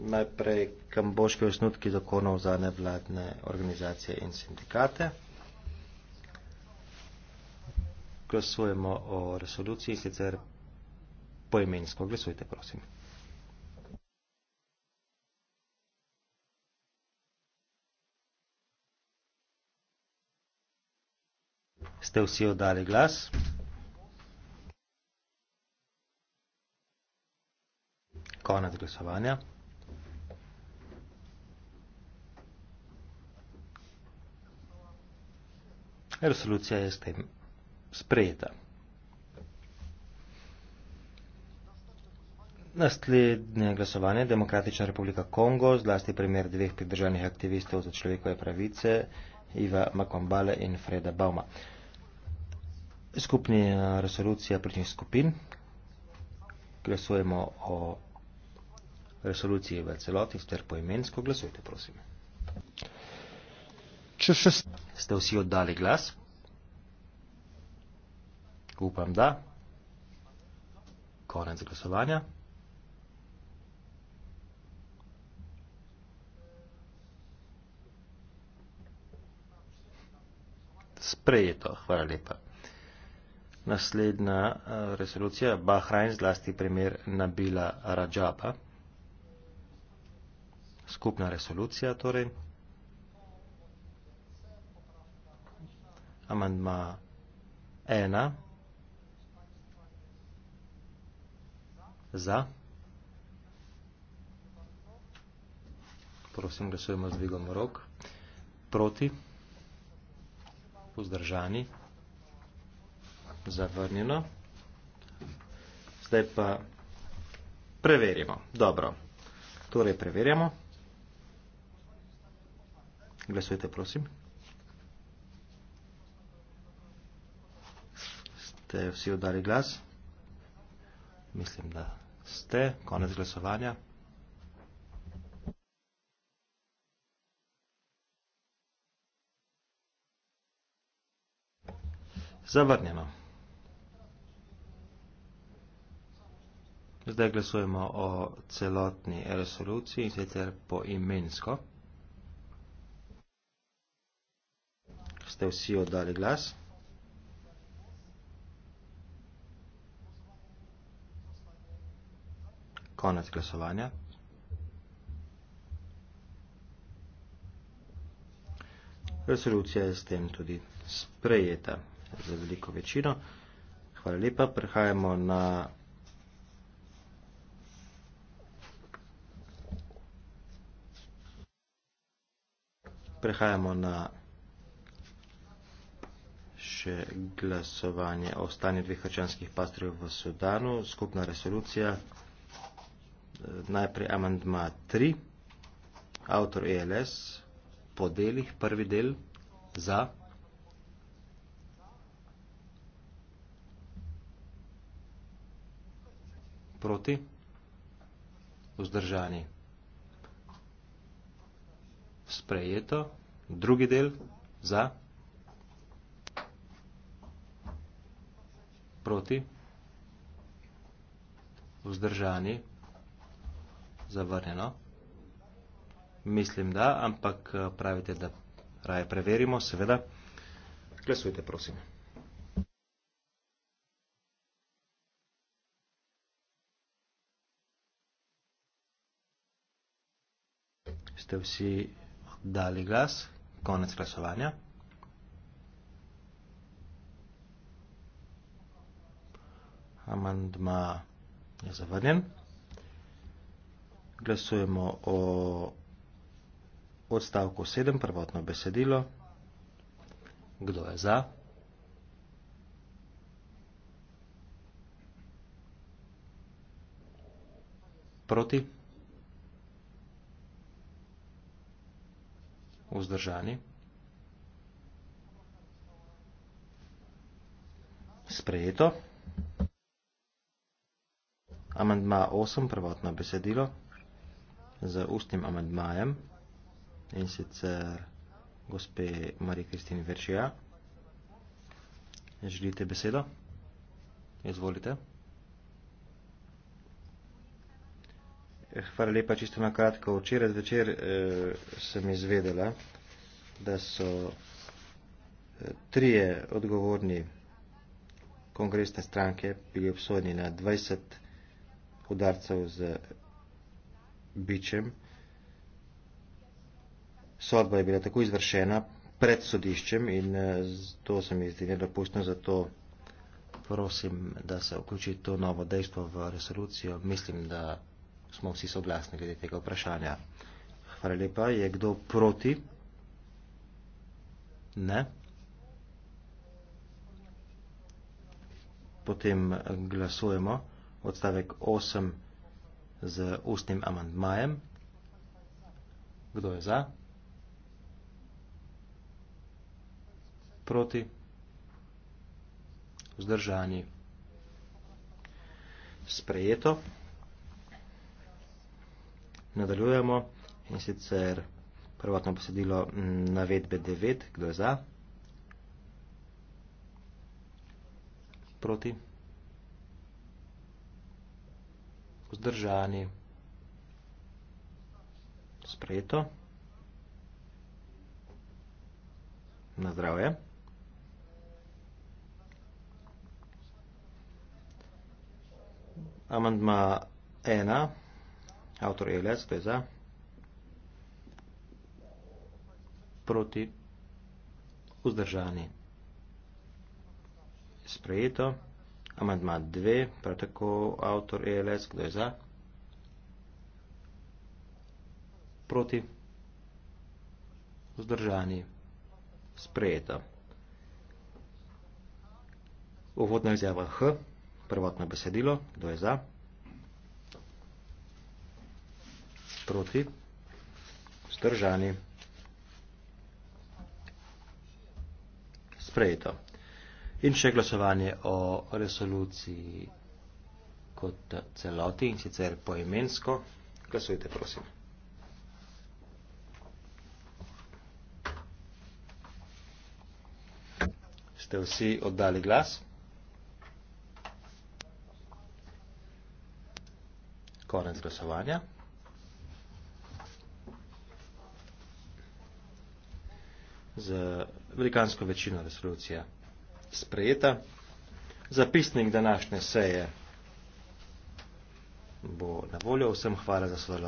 najprej kamboške osnutki zakonov za nevladne organizacije in sindikate. Glasujemo o resoluciji, sicer poimensko. Glasujte, prosim. Ste vsi oddali glas? Konec glasovanja. Resolucija je s tem sprejeta. Naslednje glasovanje je Demokratična republika Kongo, zlasti primer dveh pridržanih aktivistov za človekove pravice, Iva Makombale in Freda Bauma. Skupni eh, resolucija pričnih skupin. Glasujemo o resoluciji v celoti, ter poimensko glasujte, prosim še šest. Ste vsi oddali glas? Upam, da. Konec glasovanja. Sprejeto, hvala lepa. Naslednja eh, resolucija, Bahrajn zlasti primer Nabila Rajaba. Skupna resolucija, torej. amandma 1 za. Prosim, glasujemo z dvigom rok. Proti. Pozdržani. Zavrnjeno. Zdaj pa preverimo. Dobro. Torej preverjamo. Glasujte, prosim. ste vsi oddali glas? Mislim, da ste. Konec glasovanja. Zavrnjeno. Zdaj glasujemo o celotni resoluciji, in sicer po imensko. Ste vsi oddali glas? Konec glasovanja. Resolucija je s tem tudi sprejeta za veliko večino. Hvala lepa. Prehajamo na Prehajamo na še glasovanje o stanju dveh hrčanskih pastorjev v Sudanu. Skupna resolucija najprej amandma 3, avtor ELS, po delih, prvi del, za. Proti, vzdržani, sprejeto, drugi del, za, proti, vzdržani, sprejeto zavrnjeno. Mislim, da, ampak eh, pravite, da raje preverimo, seveda. Glasujte, prosim. Ste vsi oddali glas? Konec glasovanja. Amandma je zavrnjen glasujemo o odstavku 7, prvotno besedilo. Kdo je za? Proti? Vzdržani? Sprejeto. Amandma 8, prvotno besedilo z ustnim amendmajem in sicer gospe Marije Kristine Veršija. Želite besedo? Izvolite. Hvala lepa, čisto na kratko. Včeraj zvečer eh, sem izvedela, da so eh, trije odgovorni kongresne stranke bili obsojeni na 20 udarcev z bičem. Sodba je bila tako izvršena pred sodiščem in eh, to se mi zdi nedopustno, zato prosim, da se vključi to novo dejstvo v resolucijo. Mislim, da smo vsi soglasni glede tega vprašanja. Hvala lepa. Je kdo proti? Ne. Potem eh, glasujemo. Odstavek 8 z ustnim amandmajem. Kdo je za? Proti? Vzdržani? Sprejeto. Nadaljujemo in sicer prvotno posedilo navedbe 9. Kdo je za? Proti? vzdržani. Sprejeto. Na zdravje. Amandma ena, avtor Eles, to je za, proti vzdržani. Sprejeto. Amandma 2, prav tako avtor ELS, kdo je za? Proti? Vzdržani? Sprejeta. Uvodna izjava H, prvotno besedilo, kdo je za? Proti? Vzdržani? Sprejeta. In še glasovanje o resoluciji kot celoti in sicer poimensko. Glasujte, prosim. Ste vsi oddali glas? Konec glasovanja. Z velikansko večino resolucija sprejeta. Zapisnik današnje seje bo na voljo. Vsem hvala za sodelovanje.